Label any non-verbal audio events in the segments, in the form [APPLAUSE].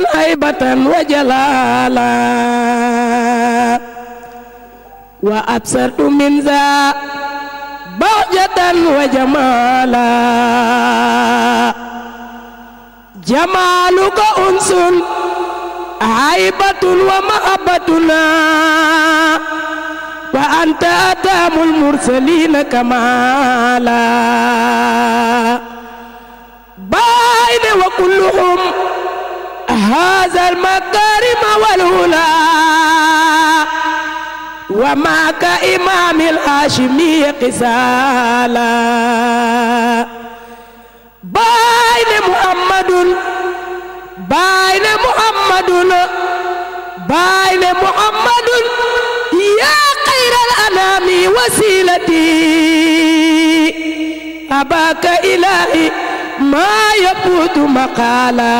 haybatan wa jalala wa absartu min za bahjatan wa jamala jamaluka unsun haybatun wa mahabbatuna wa anta atamul mursalina kamala bayna wa kulluhum هذا المكارم والهلا ومعك إمام الهاشمي قسالا بين محمد بين محمد بين محمد يا خير الأنام وسيلتي أباك إلهي ما يبود مقالا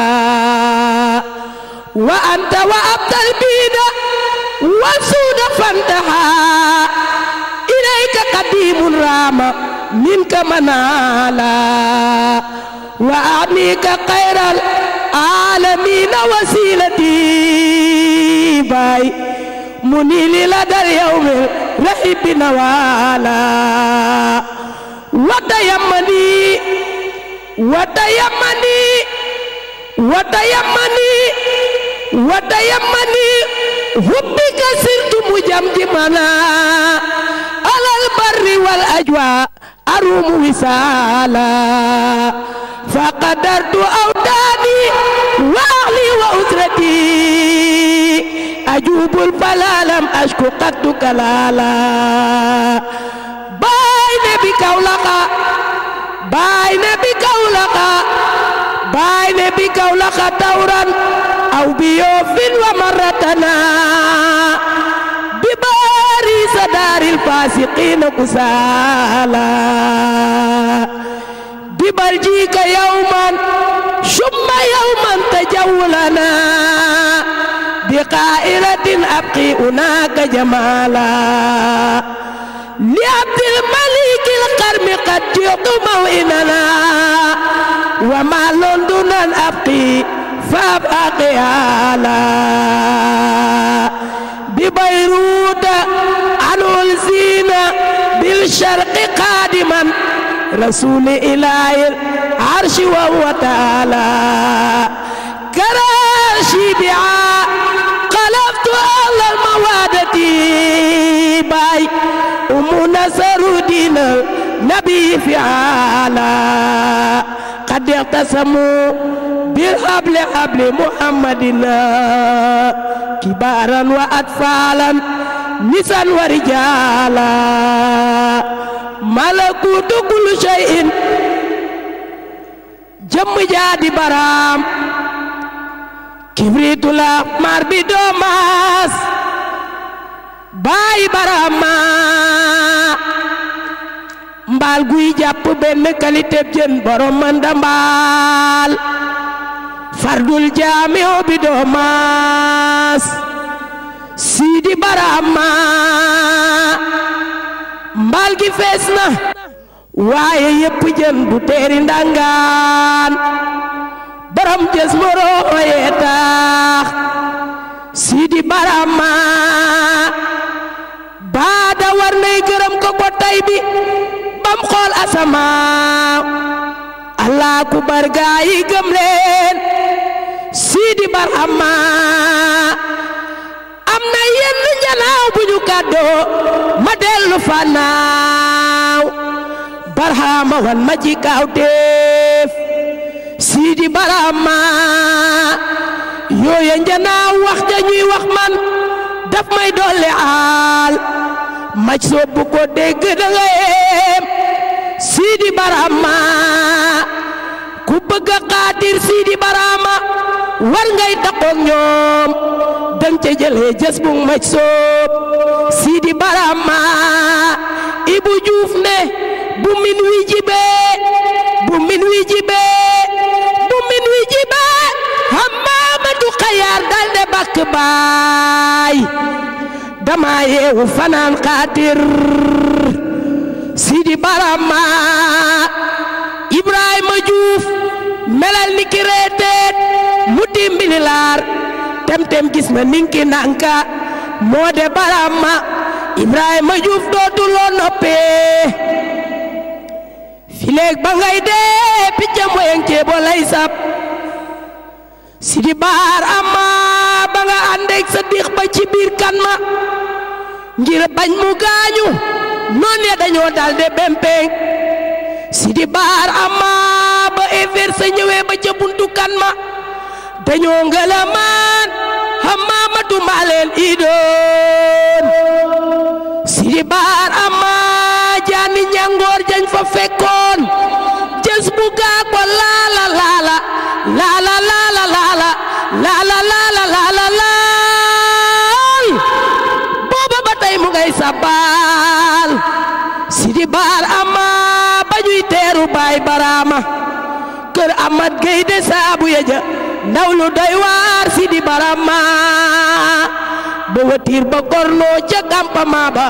وأنت وأبت البيد والسود فانتهى إليك قديم رام منك منالا وأعنيك خير العالمين وسيلتي باي منيل لدى اليوم رحب نوالا وتيمني watayamani watayamani watayamani hubbi kasirtu mujamjimana alal barri wal ajwa arumu wisala faqadartu awdani wa ahli wa usrati ajubul falalam ashku qattu kalala bay ne bi kawlaqa bay ne kawlaxa baay ne bi kawlaxa tawran aw bi yoofin wa maratana bi baari sa daaril faasiqiina kusaala bi barjiika yawman summa yawman tajawlana bi qaa'ilatin abqi unaaka jamaala li abdil malik يرد موئننا وما لندن أبقي فأبقي على ببيروت أنلزين بالشرق قادما رسول إله العرش وهو تعالى كراشي بعا قلبت على الموادة باي أم نصر دين نبي فعالا قد اعتصموا بالحبل حبل محمدنا كبارا وأطفالا نساء ورجالا ملكوت كل شيء جم جادي برام كبريت لا مار بدوماس باي برام mbaal guy jàpp benn qualité jën borom man da mbaal fardul jaami obi doo maas siidi baraama mbaal gi fees na waaye yépp jën bu ndangaan borom jës moroo taax siidi baraama baada war nay gërëm ko ko tay bi bam xool asamaan allah ku bargaa yi gëm leen siidi barhama am na yenn njanaaw bu ñu gàddoo ma dellu fanaaw barhama wan ma ji gaaw def siidi barhama yooya njanaaw wax ja ñuy wax man daf may dolli aal maj soo bu dégg da nga siidi barama ku bëgg a xaatir siidi barama war ngay daqoog ñoom dang ca jëlee jës bu maj soob siidi barama ibu juuf ne bu min wi jibee bu min wi jibee bu min wi xayaar dal de baay dama yeewu fanaan xaatir barama ibrahima juuf melal ni ki reeteet mu timbili laar temtem gis na ninki nanka moo de barama ibrahima juuf dootuloo noppee fileeg ba ngay dee picca moyeng cee bo lay sab sidi baar ama ba nga àndeeg sa diix ba ci biir kan ma ngir bañ mu gaañu noon ya dañoo dalde bempeeñ Sidi Baar amma ba inverse ñëwee ba ca buntu ma dañoo ngëlamaan Hammaamatu mbaaleel idoon Sidi Baar amma jaani ñangoor jañ fa fekkoon jës bu ko laala laala laala laala laala laala laala laala booba ba tey mu ngay sabaa xibaar amma ba ñuy teeru baay baraama kër amat gay de saabu ya ndaw lu doy waar si di baraama ba watiir ba gornoo ca campement ba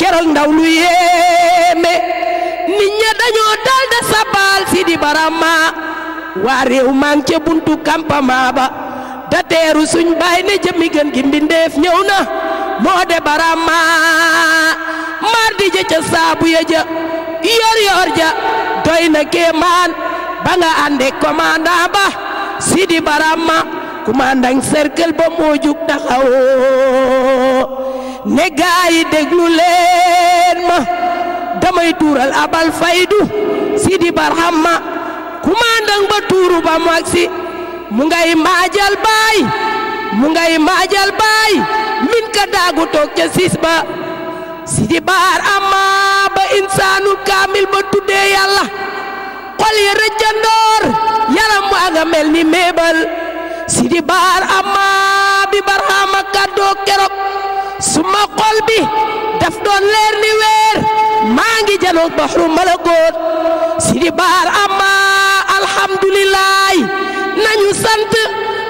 keroog ndaw lu yéeme nit ña dañoo dal da si di baraama waa réew maa ca buntu campement ba da teeru suñ baay ne jëmi gi mbindeef ñëw na moo de baraama mardi ja ca saabu ja yor ja doy na kéemaan ba nga ànde commandant ba Sidi Barama commandant cercle ba moo jug taxawoo ne leen ma damay tuural abal faydu Sidi Barama commandant ba tuuru ba mu mu ngay mbaajal baay mu ngay mbaajal baay min toog ca siis ba sidi baar amma ba insaanul kaamil ba tuddee yàlla xol ya rëjjandoor yaram wa nga mel ni meebal sidi baar amma bi barhama kàddoo keroog suma xol bi daf doon leer ni weer maa ngi janoog baxru malakoot sidi baar amma alhamdulilaay nañu sant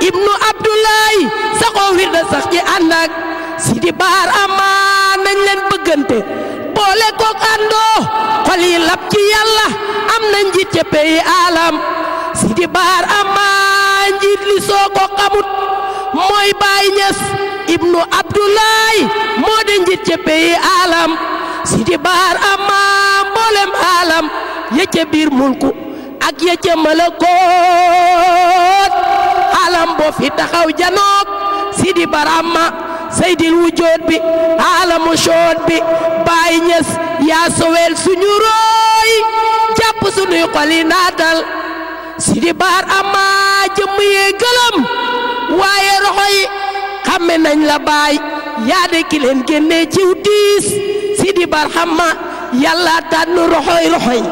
ibnu abdoulaay saxoo wir da sax ci ànd ak sidi baar amma bëggante boole kook àndoo xol yi lab ci yàlla am na njiit ca pays alam si di baar amaa njiit li soo ko xamut mooy baay ñas ibnu abdoulaye moo de njiit ca pays alam si di baar amaa mboolem alam ya biir mulku ak ya ca malakoot alam boo fi taxaw janook si di barama seydil wujood bi aalamu shood bi baay ñes yaa sowel suñu rooy jàpp suñuy xol yi naatal sidi amaa jëmm yee gëlëm waaye roxo yi xamme nañ la baay yaa de ki leen génnee ciw diis sidi baar xamma yàlla tànn roxoy roxoy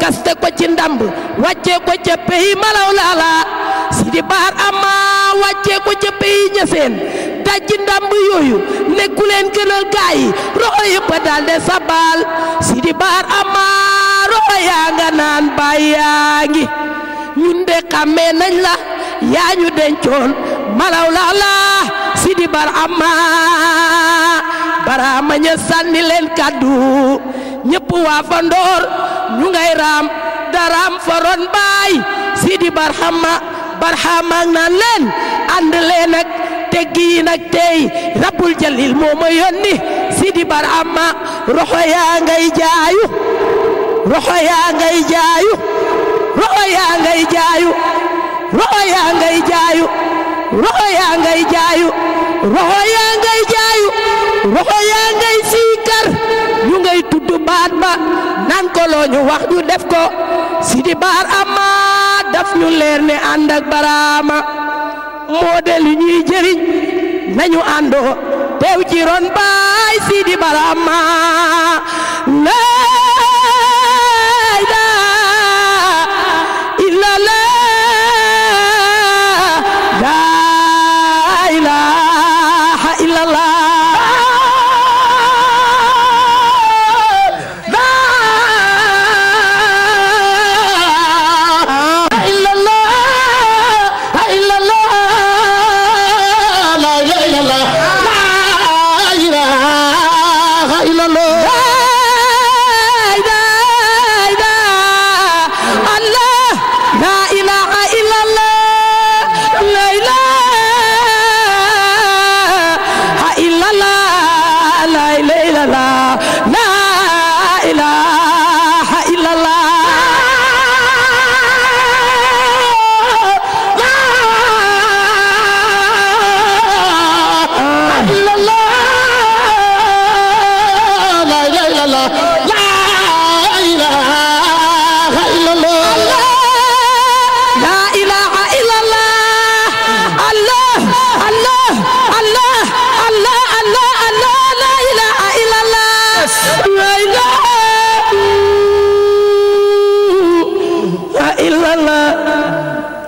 kaste ko ci ndamb wàcce ko ca peyi malaw laala sidi baar amaa wàcce ko ca peyi ñeseen dajji ndàmb yooyu ne ku leen gënal gaa roxo yëpp daal sabal si di amaa roxo yaa nga naan baay yaa ngi ñun de xàmmee nañ la yaa ñu dencoon malaw la la si di baar amaa baraama ña sànni leen kàddu ñëpp waa fa ndoor ñu ngay raam daraam faroon baay si di barxama barxama ak naan leen ànd leen teggiin ak tey rabbul jalil moo ma yónni sidi roxo yaa ngay jaayu roxo yaa ngay jaayu roxo yaa ngay jaayu roxo yaa ngay jaayu roxo yaa ngay siikar ñu ngay tudd baat ba nan ko loo wax ñu def ko sidi barama daf ñu leer ne ànd baraama moo de lu ñuy jëriñ nañu àndoo teew ci ron baay Sidi Barama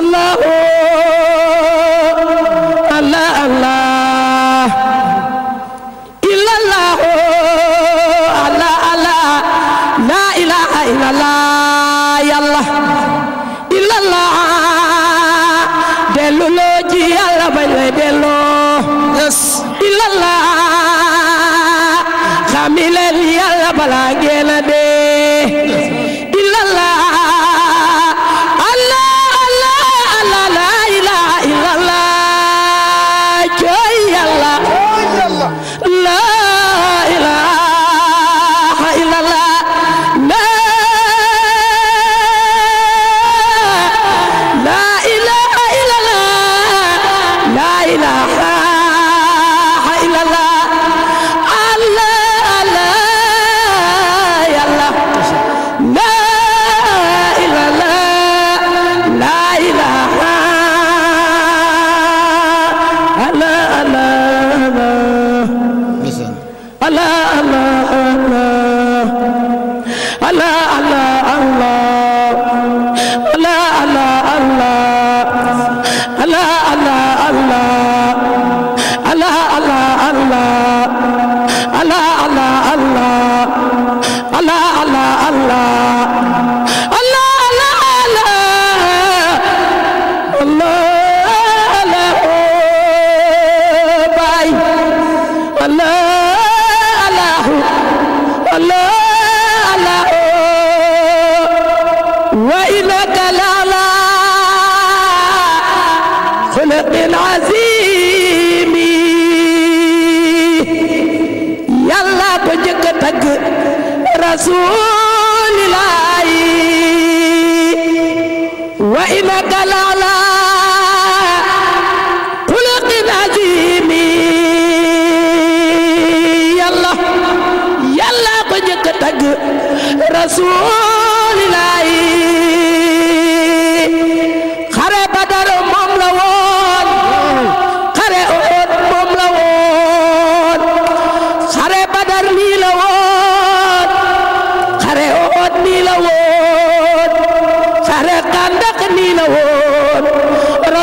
الله الخلق العظيم يلا بجكتك رسول الله وإنك لعلى خلق عظيم يلا يلا بجكتك رسول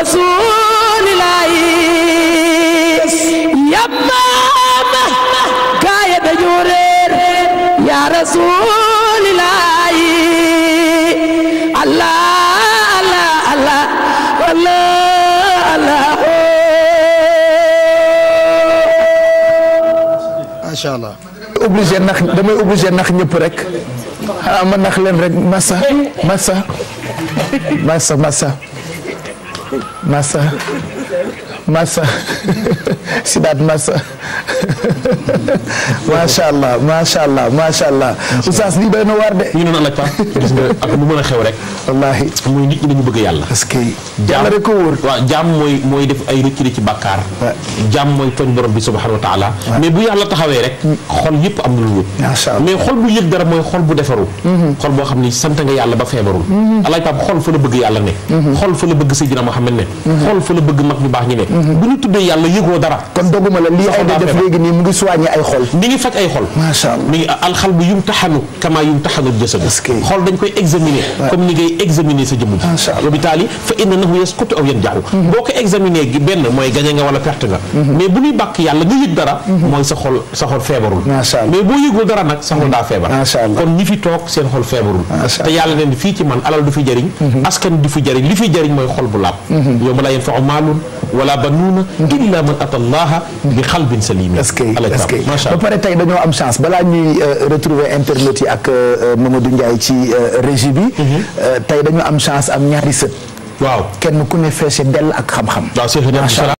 rasuulillaahi yamma ma gaaya dañoo réer yaa rasuulillaahi allah allah allah allah allah oh. macha allah obligé nax damay obligé nax ñëpp rek xanaa ah, ma nax leen rek massa massa massa massa massa massa sidaat [LAUGHS] massa [LAUGHS] macha allah macha allah macha allah. oustaz lii doy na waar de. ñu noonu àll ak a xew rek. wallaahi muy nit ñi dañu bëgg yàlla. parce que yàlla rek ko wóor. waaw jaam mooy mooy def ay rëcc rëcc bàkkaar. jaam mooy tooñ borom bi subhanahu wa taala. mais bu yàlla taxawee rek. Mm. xol yëpp am na lu wóor. macha allah mais xol bu yëg dara mooy xol bu defaru. Mm-hmm. xol boo xam ni sant nga yàlla ba feebarul. àll mm-hmm. ak Pape xol fa la bëgg yàlla ne. Mm-hmm. xol fa la bëgg Seydina Muhammad ne. xol fa la bëgg mag ñu baax ñi ne. bu ñu tuddee yàlla yëgoo dara. kon doguma la lii ay da def mu ngi soigné ay xol. mi ngi faj ay xol. macha ngi alxal bu yum taxanu kama yum taxanu jasad. xol dañ koy examiner. comme ni ngay sa jëmm ji. macha fa innahu yasqutu aw mhm. boo ko examiner benn mooy gañe nga wala perte nga. Mhm. mais bu ñuy bàkk yàlla nga yëg dara. Mhm. mooy sa xol feebarul. mais boo yëgul dara nag sa xol daa feebar. kon ñi fi toog seen xol feebarul. te yàlla leen fii ci man alal du yaqbanuuna illa man ata allaha bi xalbin salim ba pare tey dañoo am chance balaa ñuy euh, retrouver internet yi ak euh, Mamadou Ndiaye ci euh, régie bi mhm. dañu am chance am ñaari kenn ku ne dell ak xam-xam